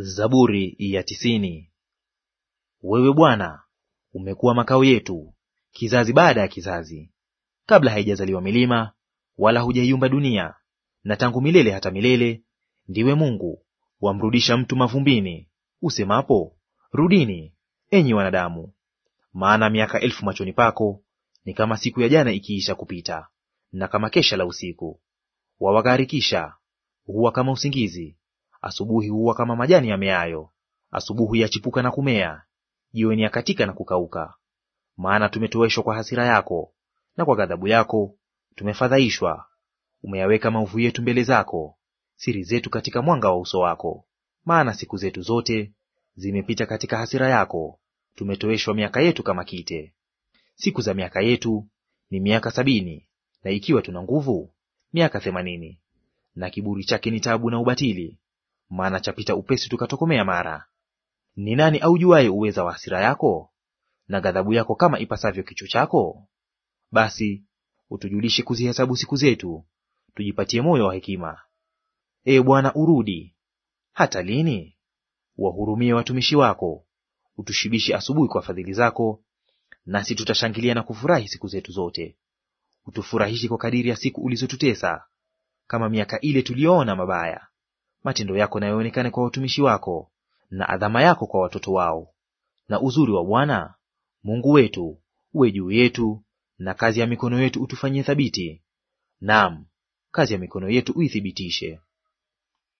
Zaburi ya tisini. Wewe Bwana umekuwa makao yetu kizazi baada ya kizazi, kabla haijazaliwa milima wala hujaiumba dunia, na tangu milele hata milele ndiwe Mungu, wamrudisha mtu mavumbini, usemapo, rudini enyi wanadamu. Maana miaka elfu machoni pako ni kama siku ya jana ikiisha kupita, na kama kesha la usiku. Wawagharikisha huwa kama usingizi Asubuhi huwa kama majani yameayo, asubuhi yachipuka na kumea, jioni yakatika na kukauka. Maana tumetoweshwa kwa hasira yako, na kwa ghadhabu yako tumefadhaishwa. Umeyaweka maovu yetu mbele zako, siri zetu katika mwanga wa uso wako. Maana siku zetu zote zimepita katika hasira yako, tumetoweshwa miaka yetu kama kite. Siku za miaka yetu ni miaka sabini, na ikiwa tuna nguvu miaka themanini. Na kiburi chake ni taabu na ubatili, maana chapita upesi tukatokomea mara. Ni nani aujuaye uweza wa hasira yako, na ghadhabu yako kama ipasavyo kicho chako? Basi utujulishe kuzihesabu siku zetu, tujipatie moyo wa hekima. Ee Bwana, urudi. Hata lini? Wahurumie watumishi wako, utushibishe asubuhi kwa fadhili zako, nasi tutashangilia na kufurahi siku zetu zote. Utufurahishe kwa kadiri ya siku ulizotutesa, kama miaka ile tuliyoona mabaya matendo yako nayoonekane kwa watumishi wako, na adhama yako kwa watoto wao. Na uzuri wa Bwana Mungu wetu uwe juu yetu, na kazi ya mikono yetu utufanyie thabiti; naam, kazi ya mikono yetu uithibitishe.